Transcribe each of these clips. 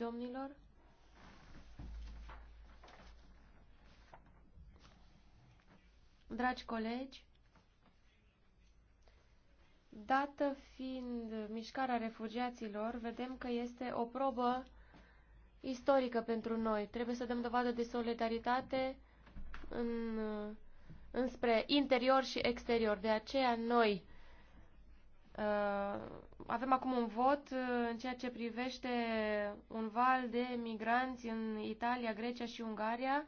domnilor. Dragi colegi, dată fiind mișcarea refugiaților, vedem că este o probă istorică pentru noi. Trebuie să dăm dovadă de solidaritate în, înspre interior și exterior. De aceea noi Uh, avem acum un vot uh, în ceea ce privește un val de migranți în Italia, Grecia și Ungaria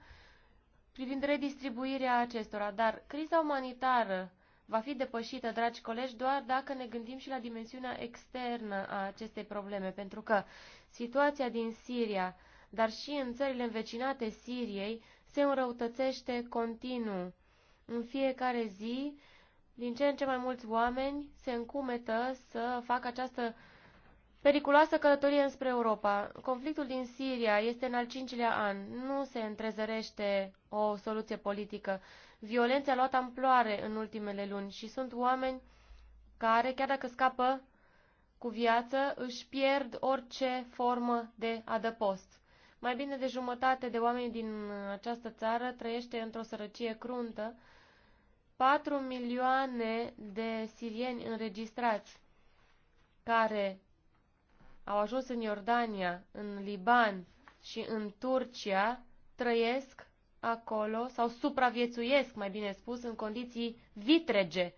privind redistribuirea acestora. Dar criza umanitară va fi depășită, dragi colegi, doar dacă ne gândim și la dimensiunea externă a acestei probleme, pentru că situația din Siria, dar și în țările învecinate Siriei, se înrăutățește continuu. În fiecare zi, din ce în ce mai mulți oameni se încumetă să facă această periculoasă călătorie înspre Europa. Conflictul din Siria este în al cincilea an. Nu se întrezărește o soluție politică. Violența a luat amploare în ultimele luni și sunt oameni care, chiar dacă scapă cu viață, își pierd orice formă de adăpost. Mai bine de jumătate de oameni din această țară trăiește într-o sărăcie cruntă, 4 milioane de sirieni înregistrați care au ajuns în Iordania, în Liban și în Turcia trăiesc acolo sau supraviețuiesc, mai bine spus, în condiții vitrege.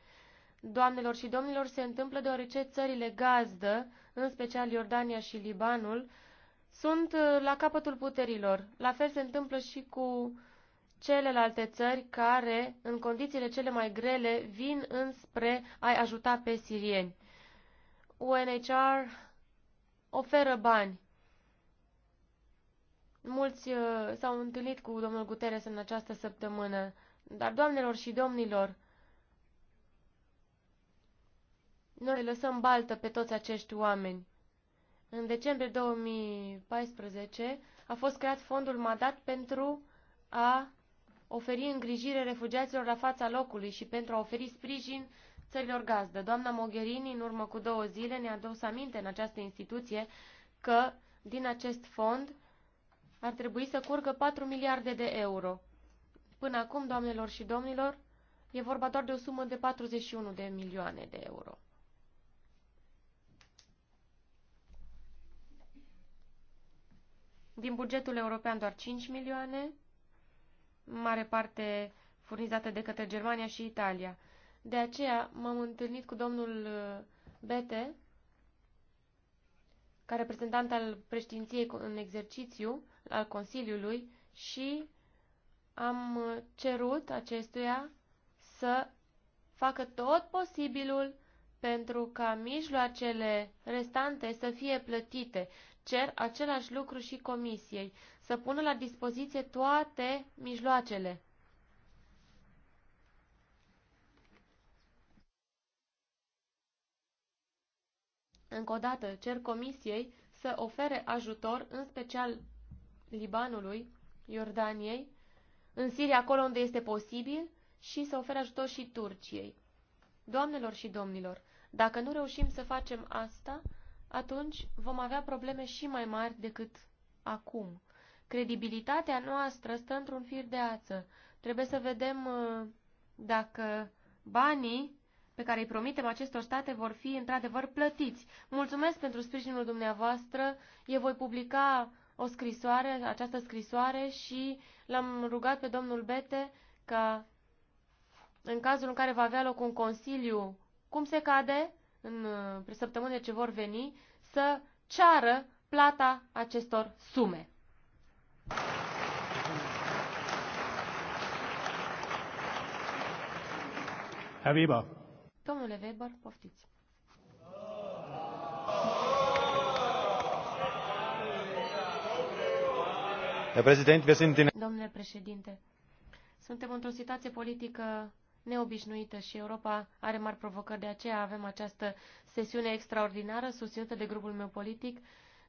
Doamnelor și domnilor, se întâmplă deoarece țările gazdă, în special Iordania și Libanul, sunt uh, la capătul puterilor. La fel se întâmplă și cu celelalte țări care, în condițiile cele mai grele, vin înspre a-i ajuta pe sirieni. UNHR oferă bani. Mulți uh, s-au întâlnit cu domnul Guterres în această săptămână, dar, doamnelor și domnilor, noi lăsăm baltă pe toți acești oameni. În decembrie 2014 a fost creat fondul Madat pentru a oferi îngrijire refugiaților la fața locului și pentru a oferi sprijin țărilor gazdă. Doamna Mogherini, în urmă cu două zile, ne-a dus aminte în această instituție că din acest fond ar trebui să curgă 4 miliarde de euro. Până acum, doamnelor și domnilor, e vorba doar de o sumă de 41 de milioane de euro. Din bugetul european doar 5 milioane, în mare parte furnizate de către Germania și Italia. De aceea m-am întâlnit cu domnul uh, Bete, ca reprezentant al președinției în exercițiu al Consiliului și am uh, cerut acestuia să facă tot posibilul pentru ca mijloacele restante să fie plătite cer același lucru și comisiei, să pună la dispoziție toate mijloacele. Încă o dată, cer comisiei să ofere ajutor, în special Libanului, Iordaniei, în Siria, acolo unde este posibil, și să ofere ajutor și Turciei. Doamnelor și domnilor, dacă nu reușim să facem asta, atunci vom avea probleme și mai mari decât acum. Credibilitatea noastră stă într-un fir de ață. Trebuie să vedem uh, dacă banii pe care îi promitem acestor state vor fi într-adevăr plătiți. Mulțumesc pentru sprijinul dumneavoastră. Eu voi publica o scrisoare, această scrisoare și l-am rugat pe domnul Bete ca în cazul în care va avea loc un consiliu, cum se cade, în săptămâne ce vor veni, să ceară plata acestor sume. Habiba. Domnule Weber, poftiți. Domnule președinte, suntem într-o situație politică neobișnuită și Europa are mari provocări. De aceea avem această sesiune extraordinară susținută de grupul meu politic.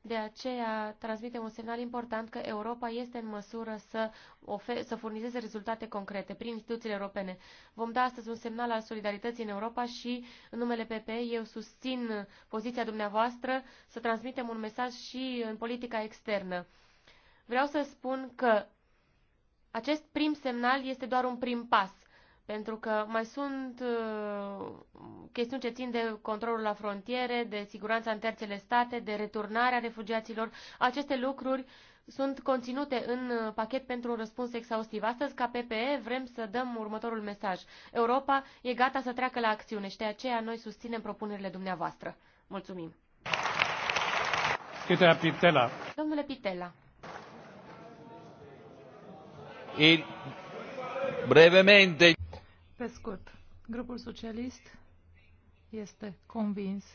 De aceea transmitem un semnal important că Europa este în măsură să, ofer, să furnizeze rezultate concrete prin instituțiile europene. Vom da astăzi un semnal al solidarității în Europa și, în numele PP, eu susțin poziția dumneavoastră să transmitem un mesaj și în politica externă. Vreau să spun că acest prim semnal este doar un prim pas pentru că mai sunt uh, chestiuni ce țin de controlul la frontiere, de siguranța în terțele state, de returnarea refugiaților. Aceste lucruri sunt conținute în uh, pachet pentru un răspuns exhaustiv. Astăzi, ca PPE, vrem să dăm următorul mesaj. Europa e gata să treacă la acțiune și de aceea noi susținem propunerile dumneavoastră. Mulțumim! Domnule Pitela. Domnule Pitela. E... Brevemente, pe scurt, grupul socialist este convins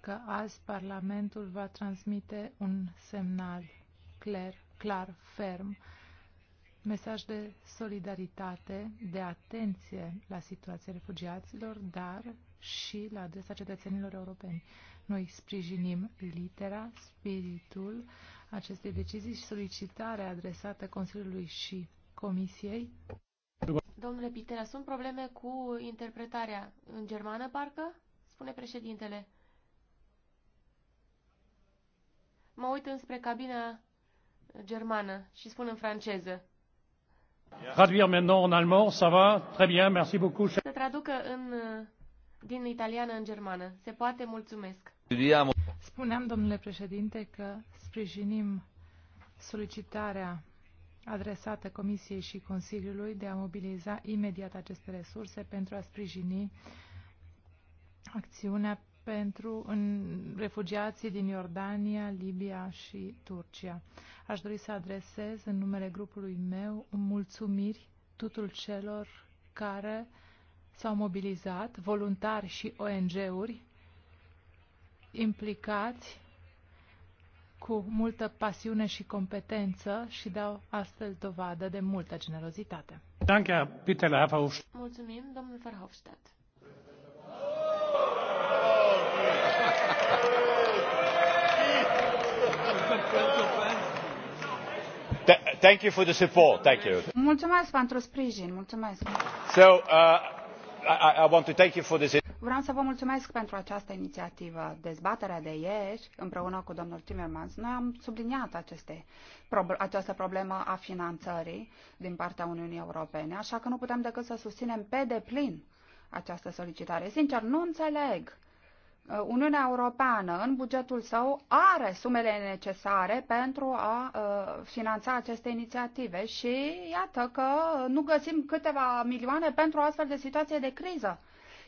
că azi Parlamentul va transmite un semnal clar, clar ferm, mesaj de solidaritate, de atenție la situația refugiaților, dar și la adresa cetățenilor europeni. Noi sprijinim litera, spiritul acestei decizii și solicitarea adresată Consiliului și Comisiei Domnule Pitera, sunt probleme cu interpretarea în germană, parcă? Spune președintele. Mă uit înspre cabina germană și spun în franceză. Traduire maintenant en allemand, ça va? Très bien, merci beaucoup. Să traducă în, din italiană în germană. Se poate, mulțumesc. Spuneam, domnule președinte, că sprijinim solicitarea adresată Comisiei și Consiliului de a mobiliza imediat aceste resurse pentru a sprijini acțiunea pentru în refugiații din Iordania, Libia și Turcia. Aș dori să adresez în numele grupului meu mulțumiri tuturor celor care s-au mobilizat, voluntari și ONG-uri implicați cu multă pasiune și competență și dau astfel dovadă de multă generozitate. Mulțumim, domnul Verhofstadt. Thank you for the support. Thank you. Mulțumesc pentru sprijin. Mulțumesc. So, uh, I, I want to thank you for this. Vreau să vă mulțumesc pentru această inițiativă. Dezbaterea de ieri, împreună cu domnul Timmermans, noi am subliniat aceste, această problemă a finanțării din partea Uniunii Europene, așa că nu putem decât să susținem pe deplin această solicitare. Sincer, nu înțeleg. Uh, Uniunea Europeană, în bugetul său, are sumele necesare pentru a uh, finanța aceste inițiative și iată că nu găsim câteva milioane pentru o astfel de situație de criză.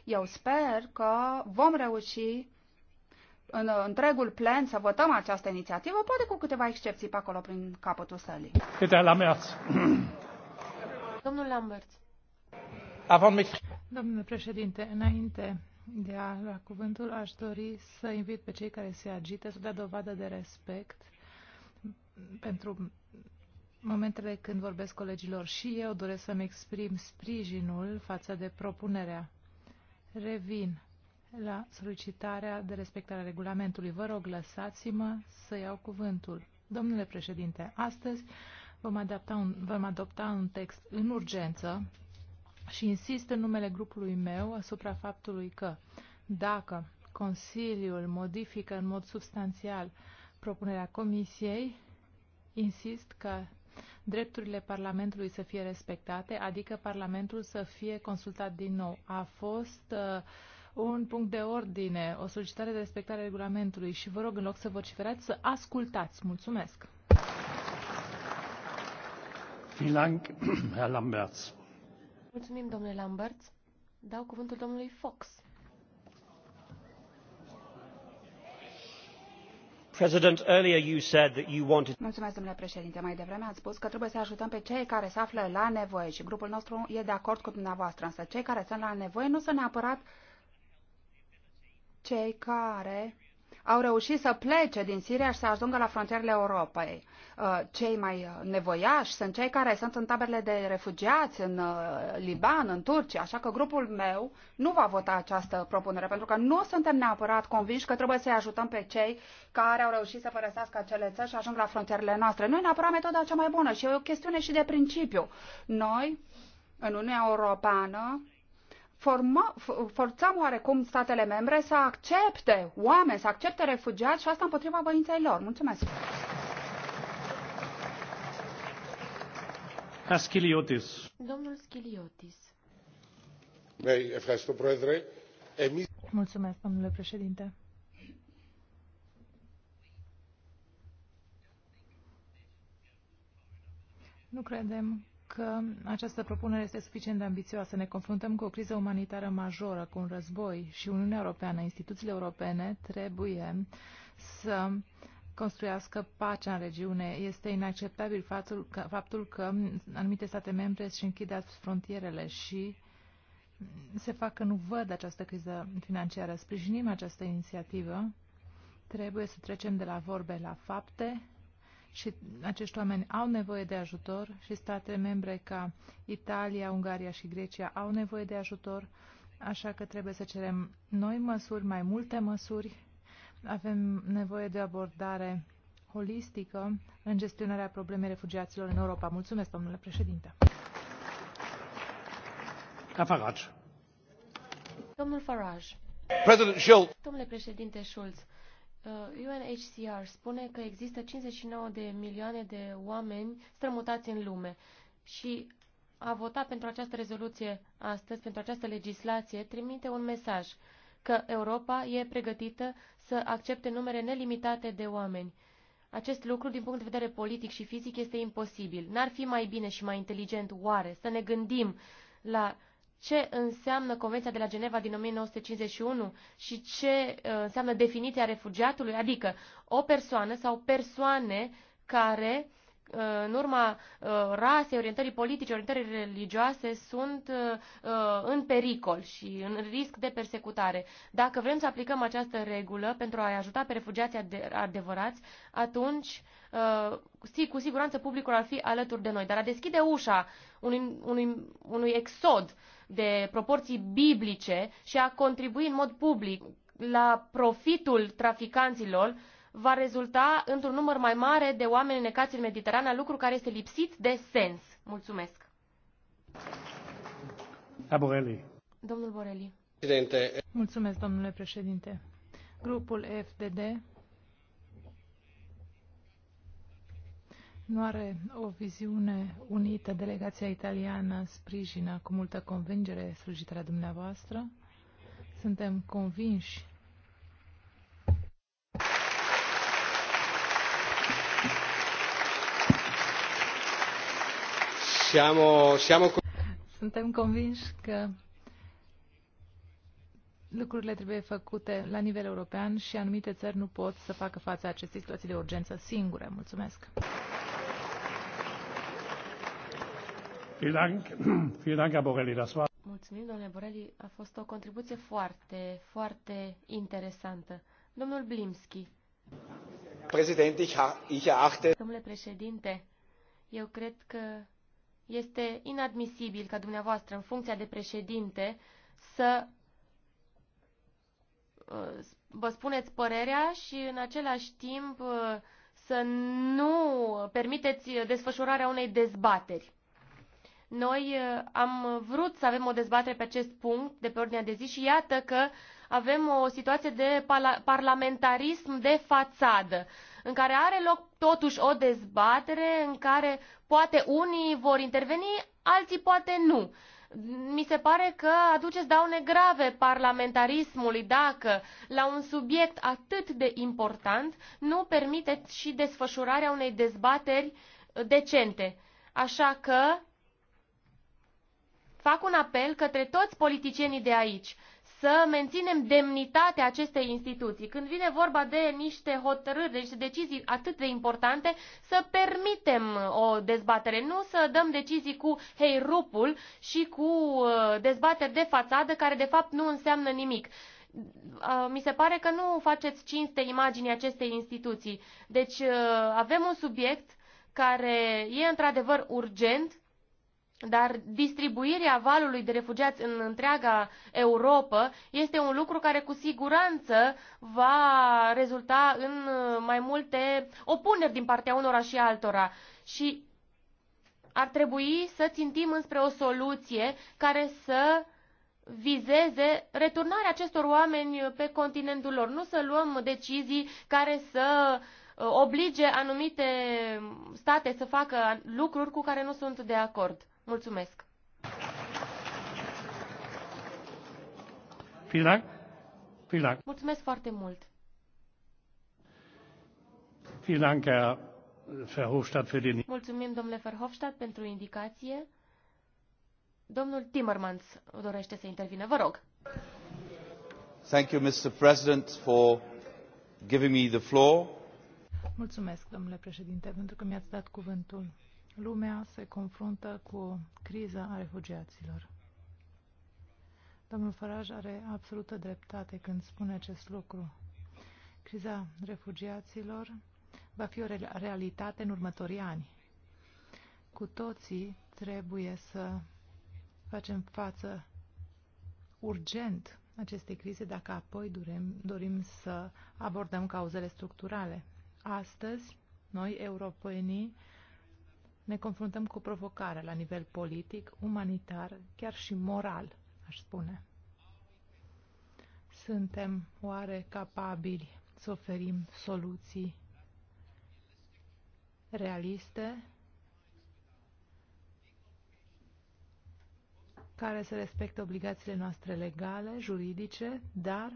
Eu sper că vom reuși în întregul plen să votăm această inițiativă, poate cu câteva excepții pe acolo prin capătul sălii. Câte la mers. Domnul Lambert. Domnule președinte, înainte de a lua cuvântul, aș dori să invit pe cei care se agită să dea dovadă de respect pentru momentele când vorbesc colegilor și eu doresc să-mi exprim sprijinul față de propunerea Revin la solicitarea de respectare a regulamentului. Vă rog, lăsați-mă să iau cuvântul. Domnule președinte, astăzi vom adapta un, vom adopta un text în urgență și insist în numele grupului meu asupra faptului că dacă Consiliul modifică în mod substanțial propunerea Comisiei, insist că drepturile Parlamentului să fie respectate, adică Parlamentul să fie consultat din nou. A fost uh, un punct de ordine, o solicitare de respectare a regulamentului și vă rog, în loc să vociferați, să ascultați. Mulțumesc! Mulțumim, domnule Lamberts. Dau cuvântul domnului Fox. domnule președinte. Mai devreme ați spus că trebuie să ajutăm pe cei care se află la nevoie și grupul nostru e de acord cu dumneavoastră, însă cei care sunt la nevoie nu sunt neapărat cei care au reușit să plece din Siria și să ajungă la frontierele Europei. Uh, cei mai uh, nevoiași sunt cei care sunt în taberele de refugiați în uh, Liban, în Turcia, așa că grupul meu nu va vota această propunere, pentru că nu suntem neapărat convinși că trebuie să-i ajutăm pe cei care au reușit să părăsească acele țări și ajung la frontierele noastre. Nu e neapărat metoda cea mai bună și e o chestiune și de principiu. Noi, în Uniunea Europeană, forma, forțăm oarecum statele membre să accepte oameni, să accepte refugiați și asta împotriva voinței lor. Mulțumesc! Schiliotis. Domnul Schiliotis. Mulțumesc, domnule președinte. Nu credem că această propunere este suficient de ambițioasă. Ne confruntăm cu o criză umanitară majoră, cu un război și Uniunea Europeană, instituțiile europene trebuie să construiască pacea în regiune. Este inacceptabil faptul că, faptul că anumite state membre își închid frontierele și se fac că nu văd această criză financiară. Sprijinim această inițiativă. Trebuie să trecem de la vorbe la fapte și acești oameni au nevoie de ajutor și state membre ca Italia, Ungaria și Grecia au nevoie de ajutor, așa că trebuie să cerem noi măsuri, mai multe măsuri. Avem nevoie de abordare holistică în gestionarea problemei refugiaților în Europa. Mulțumesc, domnule președinte. Domnul Farage. Domnule președinte Schulz, UNHCR uh, spune că există 59 de milioane de oameni strămutați în lume și a vota pentru această rezoluție astăzi, pentru această legislație, trimite un mesaj că Europa e pregătită să accepte numere nelimitate de oameni. Acest lucru, din punct de vedere politic și fizic, este imposibil. N-ar fi mai bine și mai inteligent, oare, să ne gândim la ce înseamnă Convenția de la Geneva din 1951 și ce uh, înseamnă definiția refugiatului, adică o persoană sau persoane care uh, în urma uh, rasei, orientării politice, orientării religioase, sunt în pericol și în risc de persecutare. Dacă vrem să aplicăm această regulă pentru a-i ajuta pe refugiații adevărați, atunci, cu siguranță, publicul ar fi alături de noi. Dar a deschide ușa unui, unui, unui exod de proporții biblice și a contribui în mod public la profitul traficanților va rezulta într-un număr mai mare de oameni necați în Mediterana, lucru care este lipsit de sens. Mulțumesc. Borelli. Domnul Borelli. Președinte. Mulțumesc, domnule președinte. Grupul FDD Nu are o viziune unită. Delegația italiană sprijină cu multă convingere slujitarea dumneavoastră. Suntem convinși Siamo, siamo... Suntem convinși că lucrurile trebuie făcute la nivel european și anumite țări nu pot să facă față acestei situații de urgență singure. Mulțumesc! Mulțumim, domnule Borelli. A fost o contribuție foarte, foarte interesantă. Domnul Blimski. Domnule președinte, eu cred că este inadmisibil ca dumneavoastră, în funcția de președinte, să uh, vă spuneți părerea și în același timp uh, să nu permiteți desfășurarea unei dezbateri. Noi uh, am vrut să avem o dezbatere pe acest punct de pe ordinea de zi și iată că avem o situație de parlamentarism de fațadă, în care are loc totuși o dezbatere în care poate unii vor interveni, alții poate nu. Mi se pare că aduceți daune grave parlamentarismului dacă, la un subiect atât de important, nu permiteți și desfășurarea unei dezbateri decente. Așa că fac un apel către toți politicienii de aici să menținem demnitatea acestei instituții. Când vine vorba de niște hotărâri, de niște decizii atât de importante, să permitem uh, o dezbatere, nu să dăm decizii cu hei rupul și cu uh, dezbateri de fațadă care de fapt nu înseamnă nimic uh, mi se pare că nu faceți cinste imaginii acestei instituții. Deci avem un subiect care e într-adevăr urgent dar distribuirea valului de refugiați în întreaga Europa este un lucru care cu siguranță va rezulta în mai multe opuneri din partea unora și altora. Și ar trebui să țintim înspre o soluție care să vizeze returnarea acestor oameni pe continentul lor, nu să luăm decizii care să uh, oblige anumite state să facă lucruri cu care nu sunt de acord. Mulțumesc! Mulțumesc foarte mult! Mulțumim, domnule Verhofstadt, pentru indicație. Domnul Timmermans dorește să intervină. Vă rog. Thank you, Mr. President, for giving me the floor. Mulțumesc, domnule președinte, pentru că mi-ați dat cuvântul lumea se confruntă cu criza a refugiaților. Domnul Farage are absolută dreptate când spune acest lucru. Criza refugiaților va fi o realitate în următorii ani. Cu toții trebuie să facem față urgent acestei crize dacă apoi dorim, dorim să abordăm cauzele structurale. Astăzi, noi, europenii, ne confruntăm cu provocarea provocare la nivel politic, umanitar, chiar și moral, aș spune. Suntem oare capabili să oferim soluții realiste care să respecte obligațiile noastre legale, juridice, dar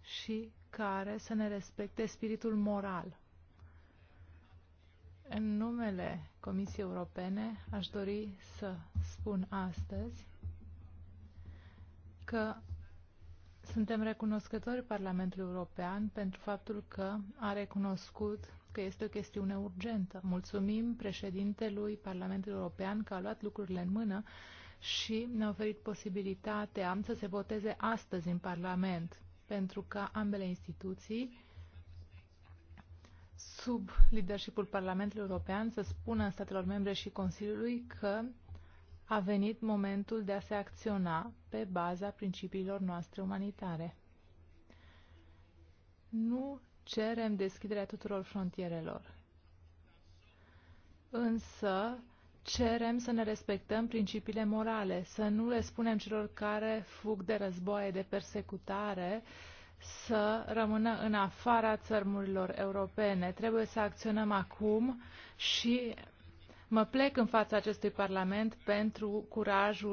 și care să ne respecte spiritul moral în numele Comisiei Europene aș dori să spun astăzi că suntem recunoscători Parlamentului European pentru faptul că a recunoscut că este o chestiune urgentă. Mulțumim președintelui Parlamentului European că a luat lucrurile în mână și ne-a oferit posibilitatea să se voteze astăzi în Parlament pentru că ambele instituții sub leadershipul Parlamentului European să spună statelor membre și Consiliului că a venit momentul de a se acționa pe baza principiilor noastre umanitare. Nu cerem deschiderea tuturor frontierelor, însă cerem să ne respectăm principiile morale, să nu le spunem celor care fug de războaie, de persecutare, uh, să rămână în afara țărmurilor europene. Trebuie să acționăm acum și mă plec în fața acestui Parlament pentru curajul